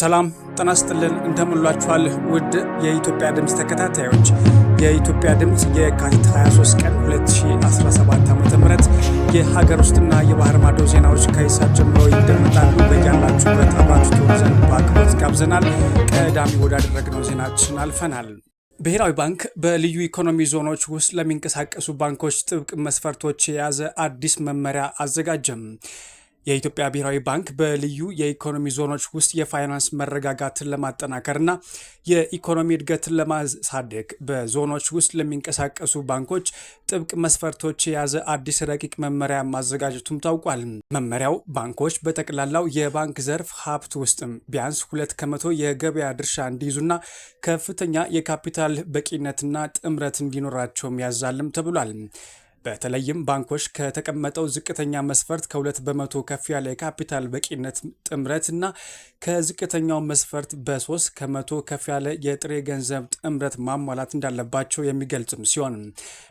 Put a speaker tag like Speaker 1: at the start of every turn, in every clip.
Speaker 1: ሰላም ጤና ይስጥልን እንደምንላችኋል ውድ የኢትዮጵያ ድምፅ ተከታታዮች የኢትዮጵያ ድምፅ የካቲት 23 ቀን 2017 ዓ ም የሀገር ውስጥና የባህር ማዶ ዜናዎች ከይሳት ጀምሮ ይደመጣሉ። በያላችሁበት አባቱ ተወዘን በአክብሮት ጋብዘናል። ቀዳሚ ወዳደረግነው ዜናችን አልፈናል። ብሔራዊ ባንክ በልዩ ኢኮኖሚ ዞኖች ውስጥ ለሚንቀሳቀሱ ባንኮች ጥብቅ መስፈርቶች የያዘ አዲስ መመሪያ አዘጋጀም። የኢትዮጵያ ብሔራዊ ባንክ በልዩ የኢኮኖሚ ዞኖች ውስጥ የፋይናንስ መረጋጋትን ለማጠናከርና የኢኮኖሚ እድገትን ለማሳደግ በዞኖች ውስጥ ለሚንቀሳቀሱ ባንኮች ጥብቅ መስፈርቶች የያዘ አዲስ ረቂቅ መመሪያ ማዘጋጀቱም ታውቋል። መመሪያው ባንኮች በጠቅላላው የባንክ ዘርፍ ሀብት ውስጥም ቢያንስ ሁለት ከመቶ የገበያ ድርሻ እንዲይዙና ከፍተኛ የካፒታል በቂነትና ጥምረት እንዲኖራቸውም ያዛልም ተብሏል። በተለይም ባንኮች ከተቀመጠው ዝቅተኛ መስፈርት ከሁለት በመቶ ከፍ ያለ የካፒታል በቂነት ጥምረት እና ከዝቅተኛው መስፈርት በሶስት ከመቶ ከፍ ያለ የጥሬ ገንዘብ ጥምረት ማሟላት እንዳለባቸው የሚገልጽም ሲሆን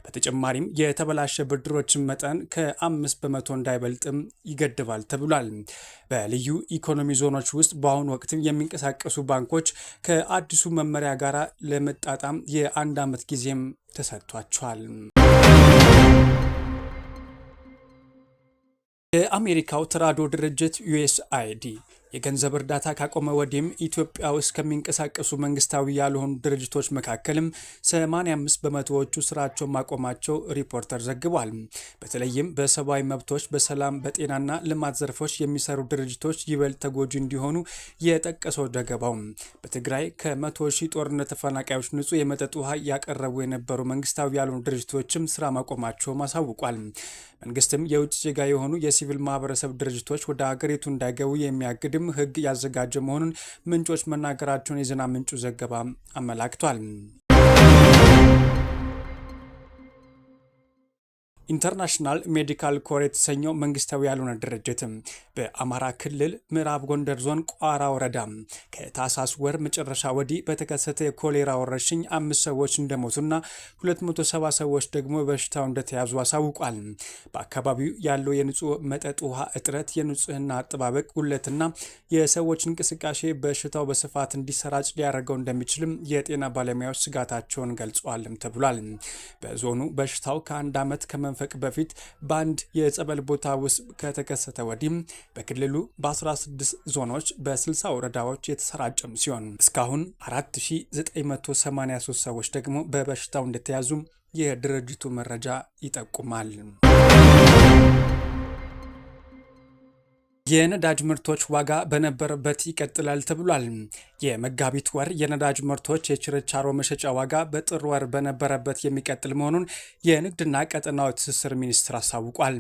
Speaker 1: በተጨማሪም የተበላሸ ብድሮችን መጠን ከአምስት በመቶ እንዳይበልጥም ይገድባል ተብሏል። በልዩ ኢኮኖሚ ዞኖች ውስጥ በአሁኑ ወቅት የሚንቀሳቀሱ ባንኮች ከአዲሱ መመሪያ ጋር ለመጣጣም የአንድ ዓመት ጊዜም ተሰጥቷቸዋል። የአሜሪካው ተራድኦ ድርጅት ዩኤስአይዲ የገንዘብ እርዳታ ካቆመ ወዲህም ኢትዮጵያ ውስጥ ከሚንቀሳቀሱ መንግስታዊ ያልሆኑ ድርጅቶች መካከልም 85 በመቶዎቹ ስራቸውን ማቆማቸው ሪፖርተር ዘግቧል። በተለይም በሰብአዊ መብቶች፣ በሰላም፣ በጤናና ልማት ዘርፎች የሚሰሩ ድርጅቶች ይበልጥ ተጎጂ እንዲሆኑ የጠቀሰው ዘገባው በትግራይ ከመቶ ሺህ ጦርነት ተፈናቃዮች ንጹህ የመጠጥ ውሃ ያቀረቡ የነበሩ መንግስታዊ ያልሆኑ ድርጅቶችም ስራ ማቆማቸውም አሳውቋል። መንግስትም የውጭ ዜጋ የሆኑ የሲቪል ማህበረሰብ ድርጅቶች ወደ ሀገሪቱ እንዳይገቡ የሚያግድም ህግ ያዘጋጀ መሆኑን ምንጮች መናገራቸውን የዜና ምንጩ ዘገባ አመላክቷል። ኢንተርናሽናል ሜዲካል ኮር የተሰኘው መንግስታዊ ያልሆነ ድርጅት በአማራ ክልል ምዕራብ ጎንደር ዞን ቋራ ወረዳ ከታህሳስ ወር መጨረሻ ወዲህ በተከሰተ የኮሌራ ወረርሽኝ አምስት ሰዎች እንደሞቱና 270 ሰዎች ደግሞ በሽታው እንደተያዙ አሳውቋል። በአካባቢው ያለው የንጹህ መጠጥ ውሃ እጥረት፣ የንጽህና አጠባበቅ ጉድለትና የሰዎች እንቅስቃሴ በሽታው በስፋት እንዲሰራጭ ሊያደርገው እንደሚችልም የጤና ባለሙያዎች ስጋታቸውን ገልጸዋልም ተብሏል። በዞኑ በሽታው ከአንድ ዓመት ከመንፈ ከመንፈቅ በፊት በአንድ የጸበል ቦታ ውስጥ ከተከሰተ ወዲህ በክልሉ በ16 ዞኖች በ60 ወረዳዎች የተሰራጨም ሲሆን እስካሁን 4983 ሰዎች ደግሞ በበሽታው እንደተያዙ የድርጅቱ መረጃ ይጠቁማል። የነዳጅ ምርቶች ዋጋ በነበረበት ይቀጥላል ተብሏል። የመጋቢት ወር የነዳጅ ምርቶች የችርቻሮ መሸጫ ዋጋ በጥር ወር በነበረበት የሚቀጥል መሆኑን የንግድና ቀጠናዊ ትስስር ሚኒስቴር አሳውቋል።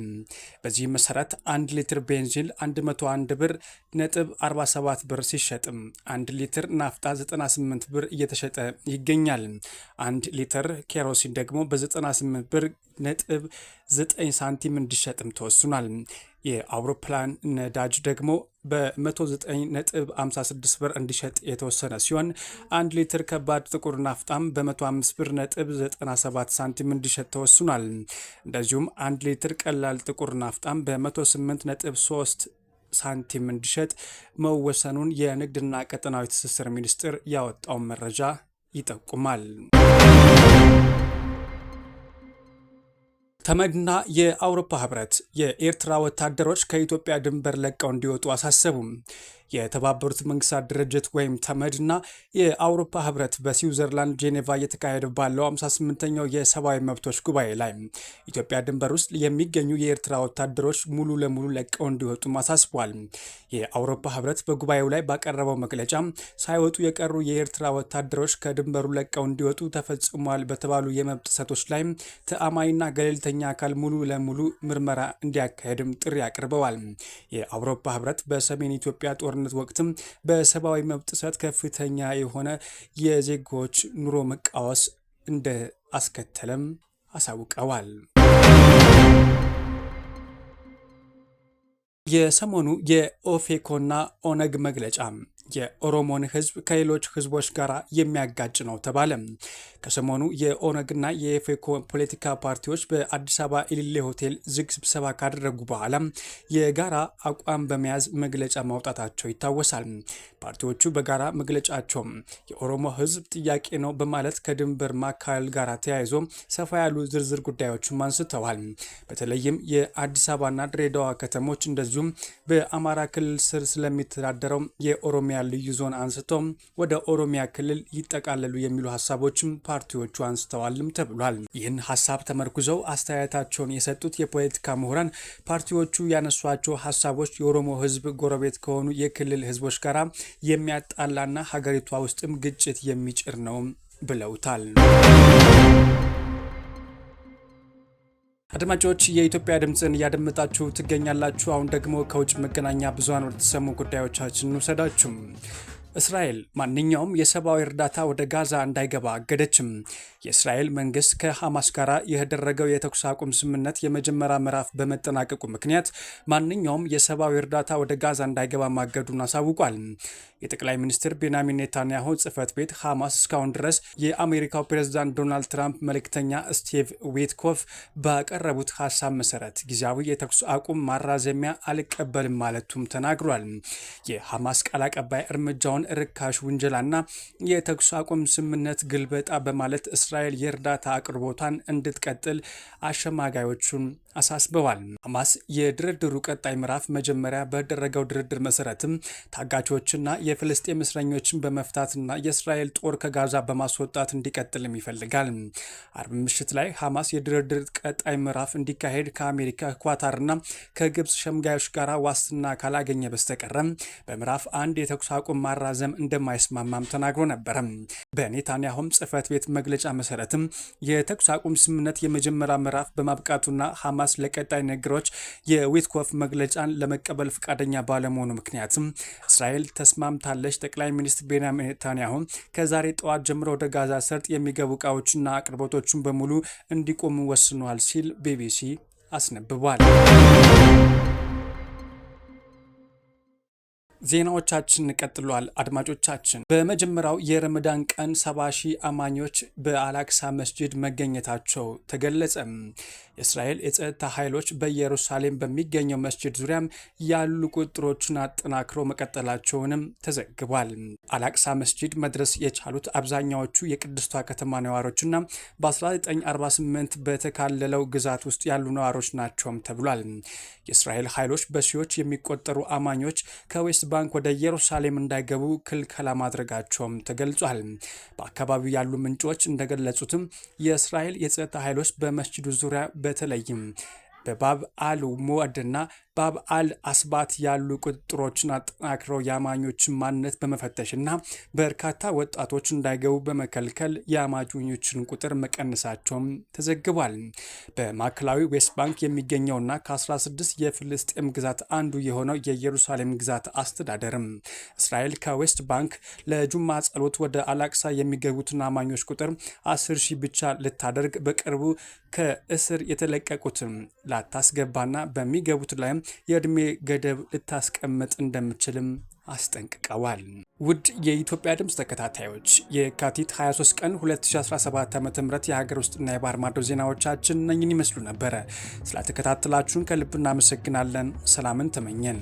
Speaker 1: በዚህም መሰረት አንድ ሊትር ቤንዚን 101 ብር ነጥብ 47 ብር ሲሸጥም አንድ ሊትር ናፍጣ 98 ብር እየተሸጠ ይገኛል። አንድ ሊትር ኬሮሲን ደግሞ በ98 ብር ነጥብ 9 ሳንቲም እንዲሸጥም ተወስኗል። የአውሮፕላን ነዳጅ ደግሞ በ 56 ብር እንዲሸጥ የተወሰነ ሲሆን አንድ ሊትር ከባድ ጥቁር ናፍጣም በ105 ብር ነጥብ 97 ሳንቲም እንዲሸጥ ተወስኗል። እንደዚሁም አንድ ሊትር ቀላል ጥቁር ናፍጣም በ108 ነጥብ 3 ሳንቲም እንዲሸጥ መወሰኑን የንግድና ቀጠናዊ ትስስር ሚኒስቴር ያወጣውን መረጃ ይጠቁማል። ተመድና የአውሮፓ ህብረት የኤርትራ ወታደሮች ከኢትዮጵያ ድንበር ለቀው እንዲወጡ አሳሰቡም። የተባበሩት መንግስታት ድርጅት ወይም ተመድና የአውሮፓ ህብረት በስዊዘርላንድ ጄኔቫ እየተካሄደ ባለው 58ኛው የሰብአዊ መብቶች ጉባኤ ላይ ኢትዮጵያ ድንበር ውስጥ የሚገኙ የኤርትራ ወታደሮች ሙሉ ለሙሉ ለቀው እንዲወጡ አሳስቧል። የአውሮፓ ህብረት በጉባኤው ላይ ባቀረበው መግለጫ ሳይወጡ የቀሩ የኤርትራ ወታደሮች ከድንበሩ ለቀው እንዲወጡ ተፈጽሟል በተባሉ የመብት ጥሰቶች ላይ ተአማኒና ገለልተኛ አካል ሙሉ ለሙሉ ምርመራ እንዲያካሄድም ጥሪ አቅርበዋል። የአውሮፓ ህብረት በሰሜን ኢትዮጵያ ጦርነት ጦርነት ወቅትም በሰብአዊ መብት ጥሰት ከፍተኛ የሆነ የዜጎች ኑሮ መቃወስ እንደ አስከተለም አሳውቀዋል። የሰሞኑ የኦፌኮና ኦነግ መግለጫ የኦሮሞን ህዝብ ከሌሎች ህዝቦች ጋር የሚያጋጭ ነው ተባለ። ከሰሞኑ የኦነግና የኦፌኮ ፖለቲካ ፓርቲዎች በአዲስ አበባ ኢሊሌ ሆቴል ዝግ ስብሰባ ካደረጉ በኋላ የጋራ አቋም በመያዝ መግለጫ ማውጣታቸው ይታወሳል። ፓርቲዎቹ በጋራ መግለጫቸውም የኦሮሞ ህዝብ ጥያቄ ነው በማለት ከድንበር ማካለል ጋር ተያይዞ ሰፋ ያሉ ዝርዝር ጉዳዮችም አንስተዋል። በተለይም የአዲስ አበባና ድሬዳዋ ከተሞች እንደዚሁ እንደዚሁም በአማራ ክልል ስር ስለሚተዳደረው የኦሮሚያ ልዩ ዞን አንስቶ ወደ ኦሮሚያ ክልል ይጠቃለሉ የሚሉ ሀሳቦችም ፓርቲዎቹ አንስተዋልም ተብሏል። ይህን ሀሳብ ተመርኩዘው አስተያየታቸውን የሰጡት የፖለቲካ ምሁራን ፓርቲዎቹ ያነሷቸው ሀሳቦች የኦሮሞ ህዝብ ጎረቤት ከሆኑ የክልል ህዝቦች ጋራ የሚያጣላና ሀገሪቷ ውስጥም ግጭት የሚጭር ነው ብለውታል። አድማጮች የኢትዮጵያ ድምፅን እያደመጣችሁ ትገኛላችሁ። አሁን ደግሞ ከውጭ መገናኛ ብዙሃን ወደተሰሙ ጉዳዮቻችን ውሰዳችሁ። እስራኤል ማንኛውም የሰብአዊ እርዳታ ወደ ጋዛ እንዳይገባ አገደችም። የእስራኤል መንግስት ከሐማስ ጋር የተደረገው የተኩስ አቁም ስምምነት የመጀመሪያ ምዕራፍ በመጠናቀቁ ምክንያት ማንኛውም የሰብአዊ እርዳታ ወደ ጋዛ እንዳይገባ ማገዱን አሳውቋል። የጠቅላይ ሚኒስትር ቤንያሚን ኔታንያሁ ጽህፈት ቤት ሐማስ እስካሁን ድረስ የአሜሪካው ፕሬዝዳንት ዶናልድ ትራምፕ መልእክተኛ ስቲቭ ዊትኮፍ ባቀረቡት ሀሳብ መሰረት ጊዜያዊ የተኩስ አቁም ማራዘሚያ አልቀበልም ማለቱም ተናግሯል። የሐማስ ቃል አቀባይ እርምጃውን ርካሽ ውንጀላና የተኩስ አቁም ስምምነት ግልበጣ በማለት እስራኤል የእርዳታ አቅርቦቷን እንድትቀጥል አሸማጋዮቹን አሳስበዋል። ሐማስ የድርድሩ ቀጣይ ምዕራፍ መጀመሪያ በደረገው ድርድር መሰረትም ታጋቾችና የፍልስጤም እስረኞችን በመፍታትና የእስራኤል ጦር ከጋዛ በማስወጣት እንዲቀጥልም ይፈልጋል። አርብ ምሽት ላይ ሐማስ የድርድር ቀጣይ ምዕራፍ እንዲካሄድ ከአሜሪካ ኳታርና ከግብፅ ሸምጋዮች ጋር ዋስትና ካላገኘ በስተቀረ በምዕራፍ አንድ የተኩስ አቁም ማራዘም እንደማይስማማም ተናግሮ ነበረ። በኔታንያሁም ጽህፈት ቤት መግለጫ መሰረትም የተኩስ አቁም ስምምነት የመጀመሪያ ምዕራፍ በማብቃቱና ሐማስ ለቀጣይ ነገሮች የዊትኮፍ መግለጫን ለመቀበል ፈቃደኛ ባለመሆኑ ምክንያትም እስራኤል ተስማምታለች። ጠቅላይ ሚኒስትር ቤንያሚን ኔታንያሁ ከዛሬ ጠዋት ጀምሮ ወደ ጋዛ ሰርጥ የሚገቡ እቃዎችና አቅርቦቶችን በሙሉ እንዲቆሙ ወስኗል ሲል ቢቢሲ አስነብቧል። ዜናዎቻችን ቀጥሏል። አድማጮቻችን በመጀመሪያው የረመዳን ቀን ሰባ ሺህ አማኞች በአላክሳ መስጂድ መገኘታቸው ተገለጸ። የእስራኤል የጸጥታ ኃይሎች በኢየሩሳሌም በሚገኘው መስጂድ ዙሪያም ያሉ ቁጥሮችን አጠናክረው መቀጠላቸውንም ተዘግቧል። አላክሳ መስጂድ መድረስ የቻሉት አብዛኛዎቹ የቅድስቷ ከተማ ነዋሪዎችና በ1948 በተካለለው ግዛት ውስጥ ያሉ ነዋሪዎች ናቸውም ተብሏል። የእስራኤል ኃይሎች በሺዎች የሚቆጠሩ አማኞች ከዌስት ባንክ ወደ ኢየሩሳሌም እንዳይገቡ ክልከላ ማድረጋቸውም ተገልጿል። በአካባቢው ያሉ ምንጮች እንደገለጹትም የእስራኤል የጸጥታ ኃይሎች በመስጅዱ ዙሪያ በተለይም በባብ አል ሞወድና በበዓል አስባት ያሉ ቁጥጥሮችን አጠናክረው የአማኞችን ማንነት በመፈተሽና በርካታ ወጣቶች እንዳይገቡ በመከልከል የአማኞችን ቁጥር መቀነሳቸውም ተዘግቧል። በማዕከላዊ ዌስት ባንክ የሚገኘውና ከ16 የፍልስጤም ግዛት አንዱ የሆነው የኢየሩሳሌም ግዛት አስተዳደርም እስራኤል ከዌስት ባንክ ለጁማ ጸሎት ወደ አላቅሳ የሚገቡትን አማኞች ቁጥር 10 ሺህ ብቻ ልታደርግ በቅርቡ ከእስር የተለቀቁትን ላታስገባና በሚገቡት ላይም የእድሜ ገደብ ልታስቀምጥ እንደምችልም አስጠንቅቀዋል። ውድ የኢትዮጵያ ድምፅ ተከታታዮች የካቲት 23 ቀን 2017 ዓ ም የሀገር ውስጥና የባህር ማዶ ዜናዎቻችን ነኝን ይመስሉ ነበረ። ስለተከታተላችሁን ከልብ እናመሰግናለን። ሰላምን ተመኘን።